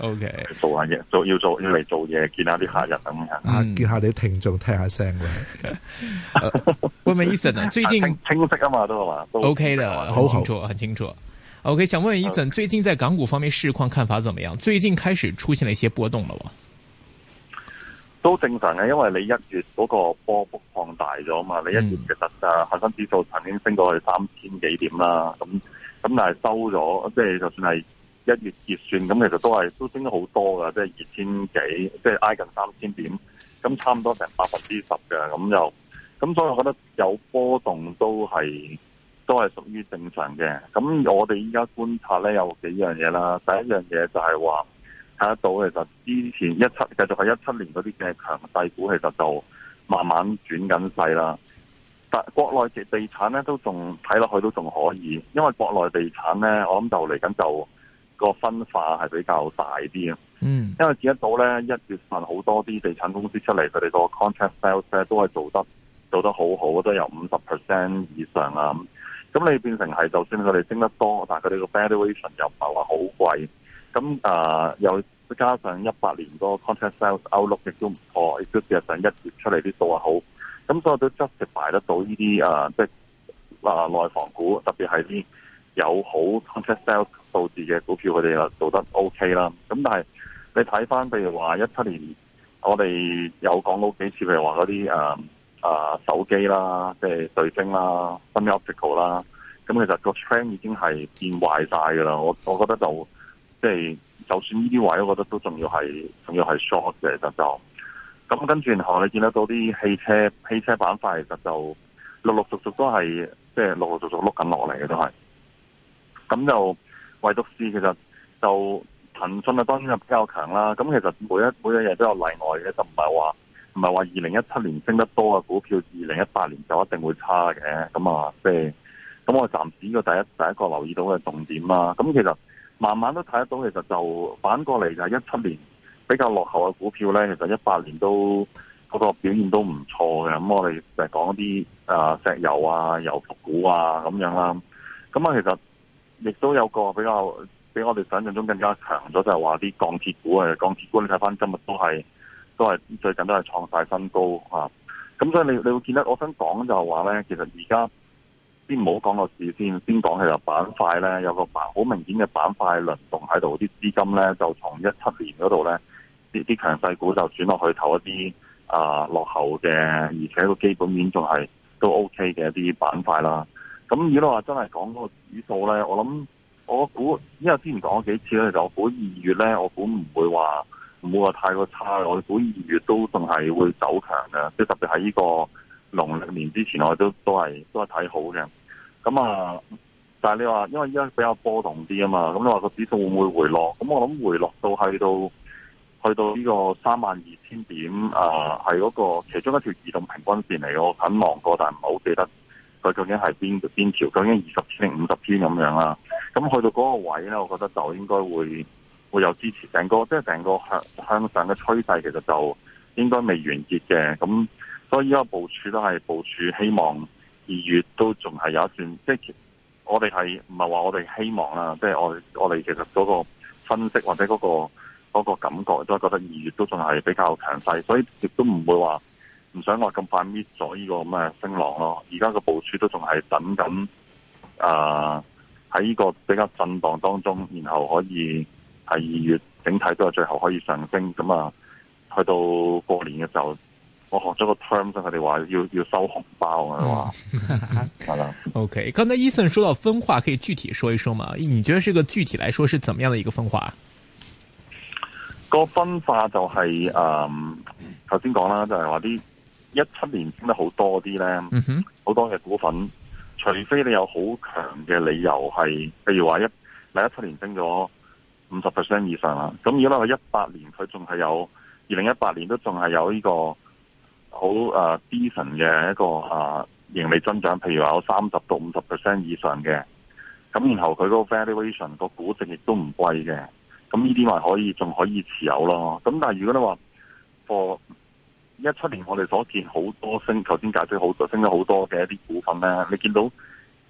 O、okay. K，做下嘢，做要做要嚟做嘢，見一下啲客人咁樣、嗯，啊，見一下啲聽眾聽下聲。喂、 uh,，問 Eason 啊，最近清，清晰啊嘛都係嘛，O K 的，好清楚，很清楚。O、okay, K，想問 Eason、嗯、最近在港股方面市況看法怎麼樣？最近開始出現了一些波動嘞喎。都正常嘅，因為你一月嗰個波幅擴大咗嘛，你一月其實啊，恒、嗯、生指數曾經升到去三千幾點啦，咁咁但係收咗，即、就、係、是、就算係。一月結算咁，其實都係都升咗好多噶，即係二千幾，即係挨近三千點，咁差唔多成百分之十嘅咁又，咁所以我覺得有波動都係都係屬於正常嘅。咁我哋依家觀察咧有幾樣嘢啦，第一樣嘢就係話睇得到其實之前一七繼續係一七年嗰啲嘅強勢股，其實就慢慢轉緊勢啦。但國內嘅地產咧都仲睇落去都仲可以，因為國內地產咧我諗就嚟緊就。個分化係比較大啲，嗯，因為見得到咧，一月份好多啲地產公司出嚟，佢哋個 contract sales 咧都係做得做得好好，都有五十 percent 以上啊。咁，咁你變成係，就算佢哋升得多，但係佢哋個 valuation 又唔係話好貴。咁啊、呃，又加上一八年嗰個 contract sales outlook 亦都唔錯，亦都見到一月出嚟啲數啊好。咁所以都 justify 得到啲啊、呃，即係啊、呃、內房股，特別係啲有好 contract sales。導致嘅股票佢哋啦做得 OK 啦，咁但係你睇翻，譬如話一七年我哋有講到幾次，譬如話嗰啲誒誒手機啦，即係瑞聲啦 Sunny Optical 啦，咁其實個 trend 已經係變壞晒噶啦。我我覺得就即係、就是、就算呢啲位，我覺得都仲要係仲要係 short 嘅，其實就咁跟住然後你見得到啲汽車汽車板塊其實就陸陸續續都係即係陸陸續續碌緊落嚟嘅都係，咁就。陸陸陸陸陸唯獨係其實就騰訊啊，當然就比較強啦。咁其實每一每一日都有例外嘅，就唔係話唔係話二零一七年升得多嘅股票，二零一八年就一定會差嘅。咁啊，即係咁我暫時呢個第一第一個留意到嘅重點啦。咁其實慢慢都睇得到，其實就反過嚟就係一七年比較落後嘅股票咧，其實一八年都嗰，那個表現都唔錯嘅。咁我哋就係講一啲誒、呃、石油啊、油服股啊咁樣啦。咁啊，其實。亦都有個比較，比我哋想象中更加強咗，就係話啲鋼鐵股啊，鋼鐵股你睇返今日都係，都係最近都係創晒新高啊！咁所以你你會見到，我想講就係話咧，其實而家先唔好講個市先，先講係個板塊咧，有個好明顯嘅板塊輪動喺度，啲資金咧就從一七年嗰度咧，啲啲強勢股就轉落去投一啲啊落後嘅，而且個基本面仲係都 OK 嘅一啲板塊啦。咁如果話真係講個指數咧，我諗我估，因為之前講咗幾次咧，就我估二月咧，我估唔會話唔會話太過差，我估二月都仲係會走強嘅。即係特別喺呢個農曆年之前，我都都係都係睇好嘅。咁啊，但係你話因為依家比較波動啲啊嘛，咁你話個指數會唔會回落？咁我諗回落到去到去到呢個三萬二千點啊，係嗰個其中一條移動平均線嚟，我肯望過，但係唔係好記得。佢究竟係邊邊條？究竟二十天定五十天咁樣啦？咁去到嗰個位咧，我覺得就應該會會有支持成個，即係成個向向上嘅趨勢。其實就應該未完結嘅。咁所以依家部署都係部署，希望二月都仲係有一段。即係我哋係唔係話我哋希望啦？即係我我哋其實嗰個分析或者嗰個嗰個感覺都係覺得二月都仲係比較強勢，所以亦都唔會話。唔想我咁快搣咗呢個咁嘅升浪咯，而家個部署都仲係等緊，誒喺呢個比較震盪當中，然後可以係二月整體都係最後可以上升咁啊，去到過年嘅時候，我學咗個 term 即係佢哋話要要收紅包啊嘛，係、嗯、啦。 OK，剛才 Eason 說到分化，可以具體說一說嘛？你覺得是個具體來說是怎麼樣的一個分化？個分化就係、是、誒，頭先講啦，就係話啲。17增一七年升得好多啲咧，好多嘅股份，除非你有好強嘅理由係，譬如話一嚟一七年升咗五十 percent 以上啦，咁如果你話一八年佢仲係有二零一八年都仲係有呢個好誒 decent 嘅一個誒、uh, uh, 盈利增長，譬如話有三十到五十 percent 以上嘅，咁然後佢嗰個 valuation 個估值亦都唔貴嘅，咁呢啲咪可以仲可以持有咯，咁但係如果你話，貨。一七年我哋所見好多升，頭先解釋好多升咗好多嘅一啲股份咧，你見到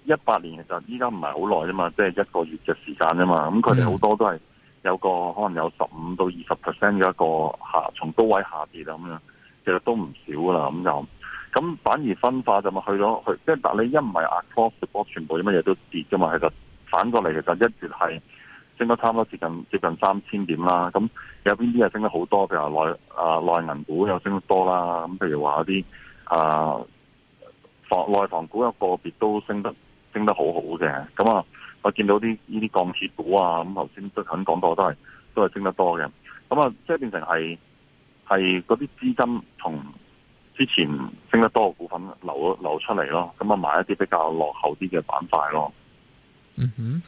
一八年其實依家唔係好耐啫嘛，即係一個月嘅時間啫嘛，咁佢哋好多都係有個可能有十五到二十 percent 嘅一個下，從高位下跌啦咁樣，其實都唔少噶啦咁就咁，反而分化就咪去咗去，即係但你一唔係 across support，全部啲乜嘢都跌噶嘛，其實反過嚟其實一月係。升得差唔多接近接近三千點啦，咁有邊啲係升得好多？譬如內啊內銀股又升得多啦，咁譬如話啲啊房內房股有個別都升得升得好好嘅。咁啊，我見到啲呢啲鋼鐵股啊，咁頭先都肯講過都係都係升得多嘅。咁啊，即係變成係係嗰啲資金同之前升得多嘅股份流流出嚟咯，咁啊買一啲比較落後啲嘅板塊咯。嗯哼。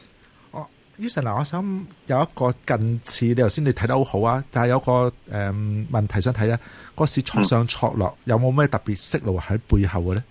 以上嗱，我想有一個近似，你頭先你睇得好好啊，但係有一個誒、嗯、問題想睇咧，嗰時速上速落有冇咩特別息路喺背後嘅咧？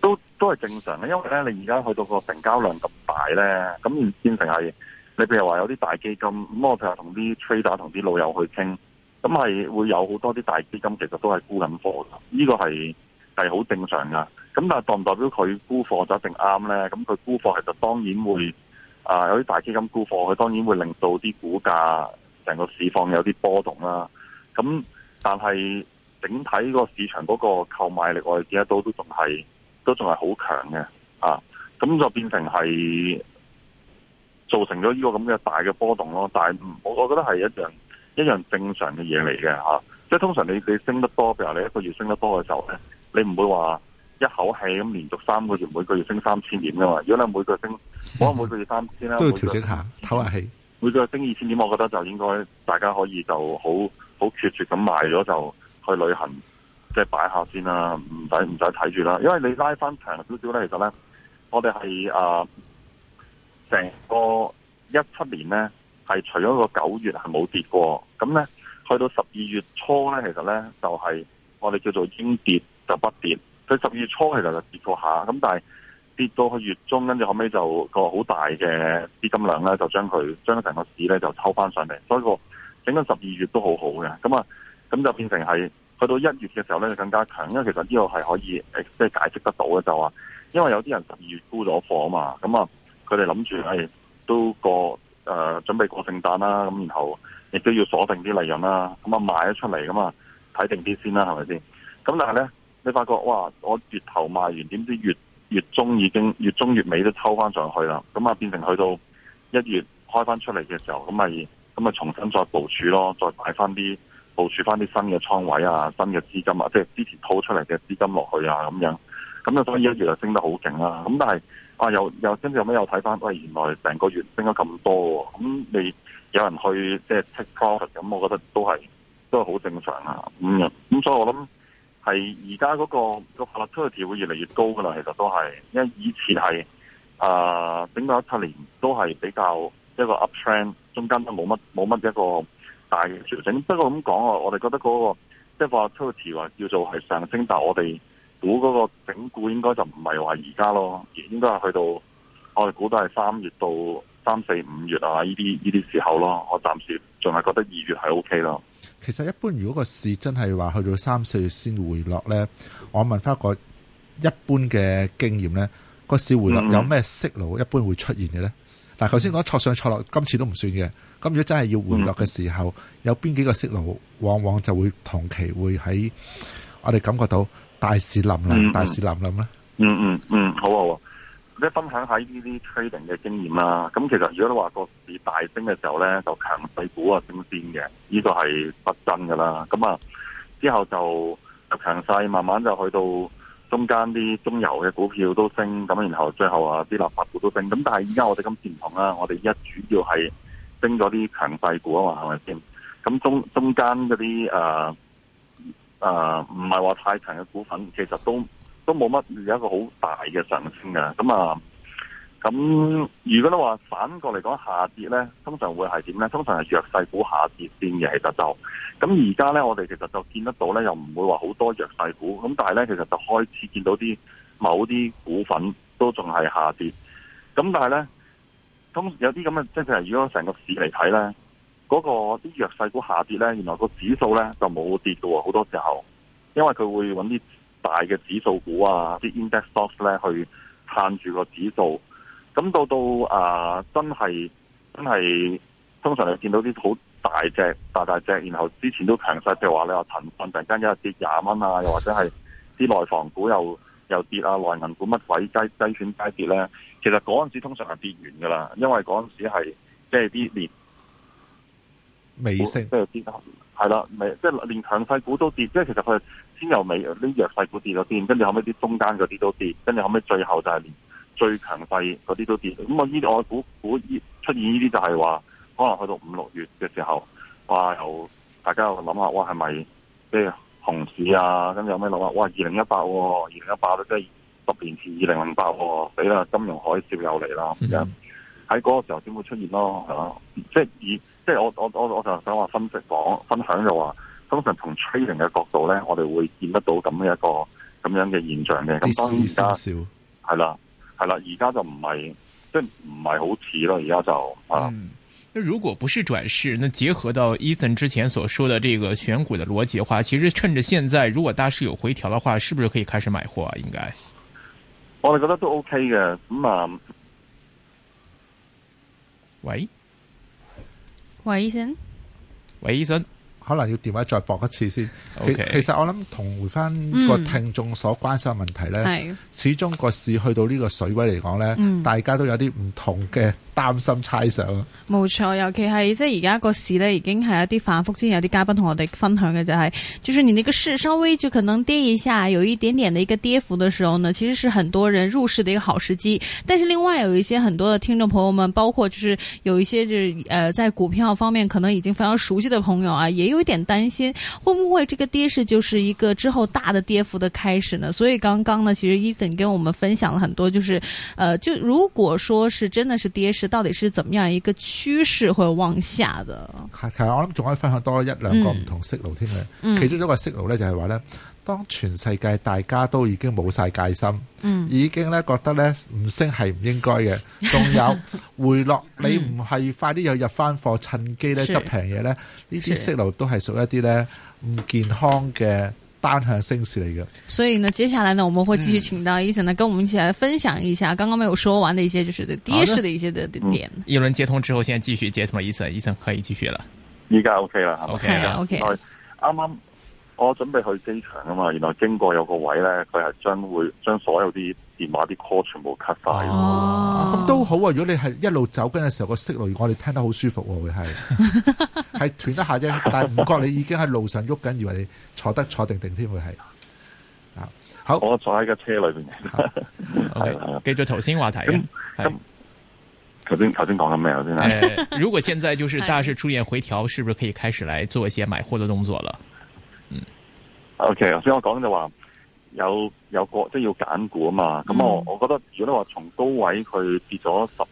都都係正常嘅，因為咧你而家去到個成交量咁大咧，咁變成係你譬如話有啲大基金，咁我譬如同啲 trader 同啲老友去傾，咁係會有好多啲大基金其實都係沽緊貨呢、呢個係。係好正常噶，咁但係代唔代表佢沽貨就一定啱咧？咁佢沽貨其實當然會啊，有啲大基金沽貨，佢當然會令到啲股價成個市況有啲波動啦。咁但係整體個市場嗰個購買力我哋而得都還是都仲係都仲係好強嘅啊！咁就變成係造成咗呢個咁嘅大嘅波動咯。但係我我覺得係一樣一樣正常嘅嘢嚟嘅嚇。即係通常你你升得多，譬如你一個月升得多嘅時候咧。你唔會話一口氣咁連續三個月每個月升三千點㗎嘛？如果你每個月升、嗯，可能每個月三千啦，都要調整下唞下氣。每個月升二千點，我覺得就應該大家可以就好好決絕咁賣咗，就去旅行，即係擺下先啦，唔使唔使睇住啦。因為你拉返長少少咧，其實咧，我哋係啊，成、呃、個一七年咧，係除咗個九月係冇跌過，咁咧去到十二月初咧，其實咧就係、是、我哋叫做應跌。就不跌，佢十二月初其實就跌過下，咁但係跌到去月中，跟住後尾就個好大嘅資金量咧，就將佢將成個市咧就抽翻上嚟，所以整個整緊十二月都好好嘅，咁啊，咁就變成係去到一月嘅時候咧，就更加強，因為其實呢個係可以即係解釋得到嘅，就話、是、因為有啲人十二月沽咗貨啊嘛，咁啊，佢哋諗住係都過誒、呃、準備過聖誕啦，咁然後亦都要鎖定啲利潤啦，咁啊賣咗出嚟噶嘛，睇定啲先啦，係咪先？咁但係咧。你發覺哇，我月頭賣完，點知月月中已經月中月尾都抽翻上去啦，咁啊變成去到一月開翻出嚟嘅時候，咁咪咁咪重新再部署咯，再買翻啲部署翻啲新嘅倉位啊，新嘅資金啊，即係之前套出嚟嘅資金落去啊，咁樣，咁啊所以一月就升得好勁啦，咁但係啊又又跟住有咩又睇翻，喂原來成個月升咗咁多，啊，咁你有人去即係 take profit，咁我覺得都係都係好正常啊，咁、嗯、樣，咁所以我諗。係而家嗰個個畫率出嚟條會越嚟越高噶啦，其實都係，因為以前係啊、呃，整到一七年都係比較一個 up trend，中間都冇乜冇乜一個大嘅調整。不過咁講啊，我哋覺得嗰、那個即係畫率出嚟條話叫做係上升，但係我哋估嗰個整固應該就唔係話而家咯，應該係去到我哋估都係三月到三四五月啊呢啲呢啲時候咯。我暫時仲係覺得二月係 OK 咯。其實一般如果個市真係話去到三四月先回落咧，我問返一個一般嘅經驗咧，個市回落有咩息路一般會出現嘅咧？嗱，mm-hmm.，頭先講挫上挫落，今次都唔算嘅。咁如果真係要回落嘅時候，mm-hmm. 有邊幾個息路，往往就會同期會喺我哋感覺到大市冧冧，mm-hmm. 大市冧冧咧。嗯嗯嗯，好啊好啊。即分享下呢啲 trading 嘅經驗啦、啊。咁其實如果你話個市大升嘅時候咧，就強勢股啊升先嘅，呢個係不爭噶啦。咁啊之後就強勢，慢慢就去到中間啲中游嘅股票都升，咁然後最後啊啲立法股都升。咁但係依家我哋今次唔同啦，我哋依家主要係升咗啲強勢股啊嘛，係咪先？咁中中間嗰啲誒誒唔係話太強嘅股份，其實都。都冇乜有一個好大嘅上升噶，咁啊，咁如果你話反過嚟講下跌咧，通常會係點咧？通常係弱勢股下跌先嘅，其實就咁。而家咧，我哋其實就見得到咧，又唔會話好多弱勢股，咁但係咧，其實就開始見到啲某啲股份都仲係下跌。咁但係咧，通常有啲咁嘅，即係如果成個市嚟睇咧，嗰個啲弱勢股下跌咧，原來個指數咧就冇跌噶，好多時候，因為佢會搵啲。大嘅指數股啊，啲 index stocks 咧，去撐住個指數。咁到到啊，真係真係，通常你見到啲好大隻、大大隻，然後之前都強勢，譬如話你話騰訊突然間一跌廿蚊啊，又或者係啲內房股又又跌啊，內銀股乜鬼，雞，雞犬皆跌咧。其實嗰陣時通常係跌完噶啦，因為嗰陣時係即係啲年尾聲，即係跌，係啦，即係連強勢股都跌，即係其實佢。先又未，啲弱細股跌咗先，跟住後尾啲中間嗰啲都跌，跟住後尾最後就係連最強勢嗰啲都跌。咁我依我估估出現呢啲就係話，可能去到五六月嘅時候，哇！又大家又諗下，哇，係咪即係熊市啊？跟住有咩諗啊？哇！二零一八，二零一八都即係十年前二零零八，俾啦！金融海嘯又嚟啦！咁樣喺嗰個時候先會出現咯嚇、啊。即係以，即係我我我我就想話分析講分享就話。通常同 training 嘅角度咧，我哋會見得到咁樣一個咁樣嘅現象嘅。咁當然而家係啦，係啦，而 家樂就唔係即係唔係好似啦，而家就啊、嗯。那如果不是轉勢，那結合到 Ethan 之前所說的這個選股的邏輯的話，其實趁着現在如果大市有回調的話，是不是可以開始買貨啊？應該我哋覺得都 OK 嘅。咁、嗯、啊，喂、嗯，喂，Ethan，喂，Ethan。可能要電話再駁一次先。Okay。其，其實我諗同回翻個聽眾所關心嘅問題咧，嗯，始終個市去到呢個水位嚟講咧，大家都有啲唔同嘅。擔心猜想啊，冇錯，尤其係即係而家個市呢已經係有啲反覆。先有啲嘉賓同我哋分享嘅就係，就是你那個市稍微就可能跌一下，有一點點的一個跌幅的時候呢，其實是很多人入市的一個好時機。但是另外有一些很多的聽眾朋友們，包括就是有一些就是、呃在股票方面可能已經非常熟悉的朋友啊，也有一點擔心，會不會這個跌勢就是一個之後大的跌幅的開始呢？所以剛剛呢，其實 Ethan 跟我們分享了很多，就是呃，就如果說是真的是跌勢。到底是怎麼樣一個趨勢會往下的？其實我諗仲可以分享多一兩個唔同思路添嘅。其中一個思路咧就係話咧，當全世界大家都已經冇晒戒心，嗯，已經咧覺得咧唔升係唔應該嘅。仲 有回落你不，你唔係快啲又入翻貨，趁機咧執平嘢咧，呢啲思路都係屬一啲咧唔健康嘅。單向聲嚟嘅，所以呢，接下來呢，我們會繼續請到 o 生呢、嗯，跟我們一起來分享一下剛剛沒有說完的一些，就是的，第的一些的點。一輪、嗯、接通之後，現在繼續接通醫生，醫生可以繼續啦。而家 OK 啦，OK o k 啱啱我準備去機場啊嘛，然後經過有個位呢，佢係將會將所有啲電話啲 call 全部 cut 晒，咁都好啊，如果你係一路走跟嘅時候，個聲路我哋聽得好舒服，啊，會係。 係斷得下啫，但係唔覺你已經喺路上喐緊，以為你坐得坐定定添，會係啊好。我坐喺架車裏邊。係係 okay, 跟頭先話題。咁咁頭先頭先講緊咩？頭先、欸、 如果現在就是大市出現回調，是不是可以開始嚟做一些買貨嘅動作了？Okay, 嗯，OK，頭先我講就話有有個即係要揀股啊嘛。咁我、嗯、我覺得，如果你話從高位佢跌咗十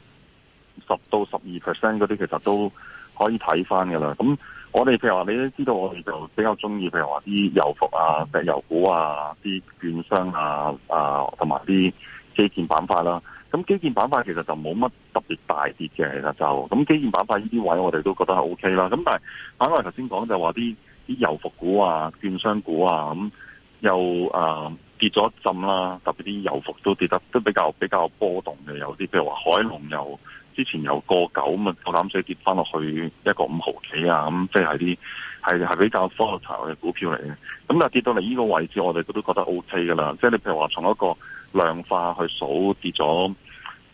十到十二 percent 嗰啲，其實都。可以睇翻㗎啦，咁我哋譬如話，你都知道我哋就比較中意，譬如話啲油服啊、石油股啊、啲券商啊啊，同埋啲基建板塊啦。咁基建板塊其實就冇乜特別大跌嘅，其實就咁基建板塊呢啲位，我哋都覺得係 OK 啦。咁但係反過嚟，頭先講就話啲啲油服股啊、券商股啊、咁、嗯、又誒、呃、跌咗一浸啦，特別啲油服都跌得都比較比較波動嘅，有啲譬如話海龍油。之前又過九咁啊，我膽水跌翻落去一個五毫幾啊，咁即係啲係係比較 volatile 嘅股票嚟嘅。咁但係跌到嚟呢個位置，我哋都覺得 O K 噶啦。即係你譬如話從一個量化去數跌咗，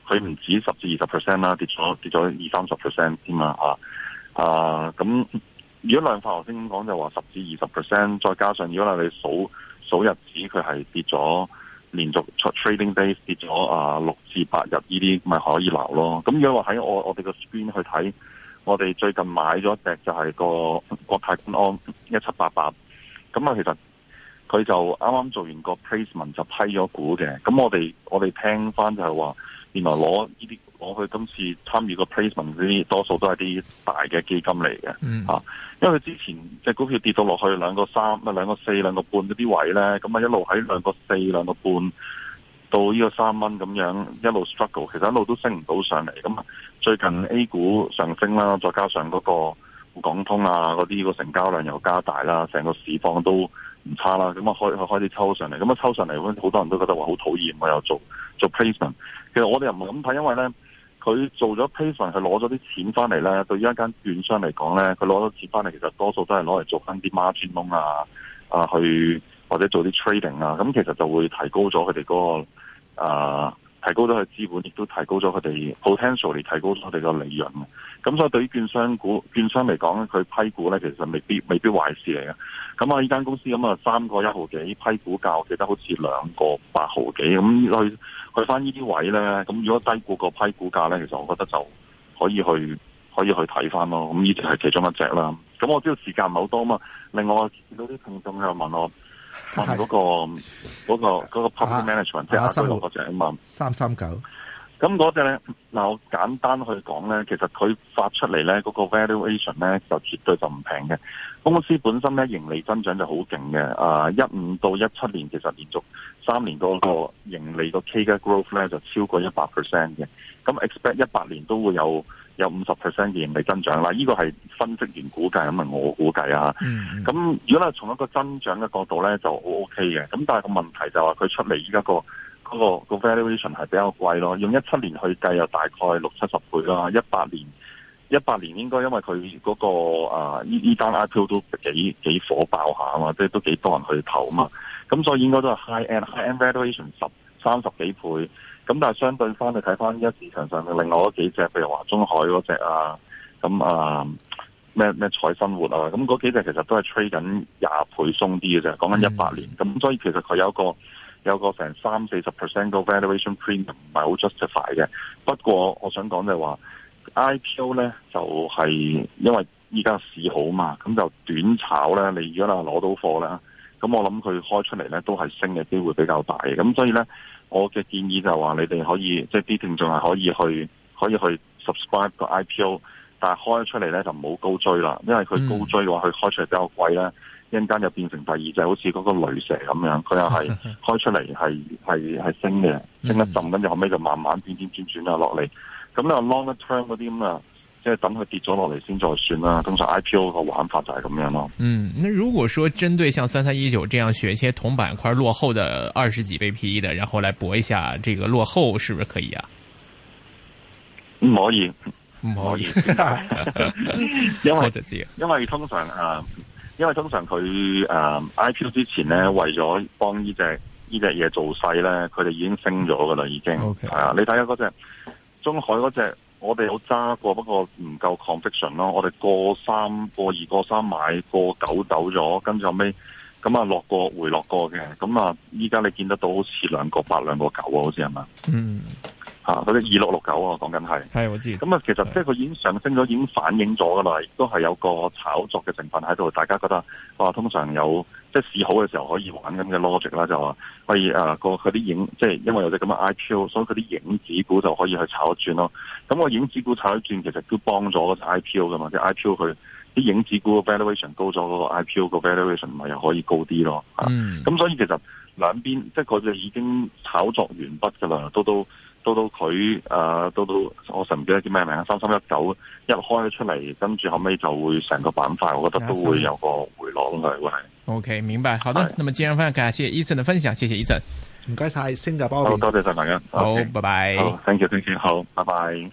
佢唔止十至二十 percent 啦，跌咗跌咗二三十 percent 添啊！啊咁，如果量化頭先咁講就話十至二十 percent，再加上如果你數數日子，佢係跌咗。連續出 trading day 跌咗啊六至八日呢啲咪可以撈咯。咁如果話喺我我哋個 screen 去睇，我哋最近買咗隻就係個國泰君安一七八八，咁啊其實佢就啱啱做完個 placement 就批咗股嘅。咁我哋我哋聽翻就係話原來攞呢啲。講佢今次參與個 placement 嗰啲，多數都係啲大嘅基金嚟嘅、mm. 因為佢之前即係股票跌到落去兩個三，唔係兩個四兩個半啲位咧，咁啊一路喺兩個四兩個半到呢個三蚊咁樣一路 struggle，其實一路都升唔到上嚟。咁最近 A 股上升啦，再加上嗰個港通啊嗰啲個成交量又加大啦，成個市況都唔差啦，咁啊開佢開始抽上嚟，咁啊抽上嚟，好多人都覺得話好討厭，我又做做 placement。其實我哋又唔係咁睇，因為咧。佢做咗批份，佢攞咗啲錢翻嚟咧。對於一間券商嚟講咧，佢攞咗錢翻嚟，其實多數都係攞嚟做翻啲孖穿窿啊，啊，去或者做啲 trading 啊。咁、嗯、其實就會提高咗佢哋嗰個、啊、提高咗佢資本，亦都提高咗佢哋 potentially 提高咗佢哋個利潤。咁所以對於券商股、券商嚟講咧，佢批股咧其實未必未必壞事嚟嘅。咁啊，依間公司咁啊、嗯、三個一毫幾批股價，我記得好似兩個八毫幾咁去，嗯去翻呢啲位咧，咁如果低估個批股價咧，其實我覺得就可以去可以去睇翻咯。咁呢隻係其中一隻啦。咁我知道時間唔係好多嘛。另外見到啲聽眾又問我，問嗰、嗰個嗰、啊嗰個嗰、嗰個 property management，即係阿三六嗰隻啊問三三九。咁嗰隻咧，嗱，簡單去講咧，其實佢發出嚟咧嗰個 valuation 咧，就絕對就唔平嘅。公司本身咧盈利增長就好勁嘅，啊，一五到一七年其實連續三年嗰個盈利個 k 嘅 growth 咧就超過一百 percent 嘅。咁 expect 一八年都會有有五十 percent 嘅盈利增長啦。呢、呢個係分析員估計，咁啊我估計啊。咁、嗯、如果呢，從一個增長嘅角度咧就好 ok 嘅。咁但係個問題就話佢出嚟依家個。嗰、那個個 valuation 係比較貴咯，用一七年去計啊，大概六七十倍啦。一八年一八年應該因為佢嗰、那個啊呢單 IPO 都幾,幾火爆下啊嘛，即係都幾多人去投啊嘛，咁、啊、所以應該都係 high end、啊、high end valuation 十三十幾倍。咁但係相對翻，你睇翻依家市場上嘅另外嗰幾隻，譬如華中海嗰隻啊，咁啊咩咩彩生活啊，咁嗰幾隻其實都係 trade 緊廿倍鬆啲嘅啫。講緊一八年，咁、嗯、所以其實佢有一個。有個成三四十 percent 個 valuation print 唔係好 justify 嘅，不過我想講就係話 IPO 咧就係因為依家市好嘛，咁就短炒咧，你如果能攞到貨啦，咁我諗佢開出嚟咧都係升嘅機會比較大嘅，咁所以咧我嘅建議就係話你哋可以即係啲聽眾係可以去可以去 subscribe 個 IPO，但係開,開出嚟咧就唔好高追啦，因為佢高追嘅話佢開出嚟比較貴啦。一陣間就變成第二隻，就是、好似嗰個雷蛇咁樣，佢又係開出嚟，係係係升嘅，升一浸，跟住後尾就慢慢轉轉轉轉又落嚟。咁咧 longer term 嗰啲咁啊，即係等佢跌咗落嚟先再算啦。通常 IPO 個玩法就係咁樣咯。嗯，那如果說針對像三三一九這樣選一些同板塊落後的二十幾倍 PE 的，然後來搏一下這個落後，是不是可以啊？唔可以，唔可以， 因為因為通常誒、啊。因為通常佢誒 IPO 之前咧，為咗幫呢隻呢隻嘢做勢咧，佢哋已經升咗噶啦，已經。係、okay. 啊，你睇下嗰隻中海嗰隻，我哋好揸過，不過唔夠 conviction 咯。我哋過三過二過三買過九走咗，跟住後尾咁啊落過回落過嘅，咁啊依家你見得到好似兩個八兩個九啊，好似係嘛？嗯。啊！嗰啲二六六九啊，我講緊係係我知。咁、嗯、啊、嗯嗯嗯，其實即係佢已經上升咗，已經反映咗噶啦，亦都係有個炒作嘅成分喺度。大家覺得啊，通常有即係市好嘅時候可以玩咁嘅 logic 啦、啊，就話可以啊個嗰啲影，即係因為有隻咁嘅 IPO，所以嗰啲影子股就可以去炒一轉咯。咁我影子股炒一轉，其實都幫咗 IPO 噶嘛，即係 IPO 佢啲影子股嘅 valuation 高咗，嗰、嗰個 IPO 個 valuation 咪又可以高啲咯。咁、嗯啊、所以其實兩邊即係佢哋已經炒作完畢噶啦，都都。到到佢誒，到到我成日唔記得叫咩名？三三一九一開咗出嚟，跟住後尾就會成個板塊，我覺得都會有個回落咁喂 O K，明白，好的。那麼今日分享，感謝 Eason 嘅分享，謝謝 Eason，唔該晒，先嘅包，好多謝晒大家，好，拜拜、okay.，好，thank you，thank you，好，拜拜。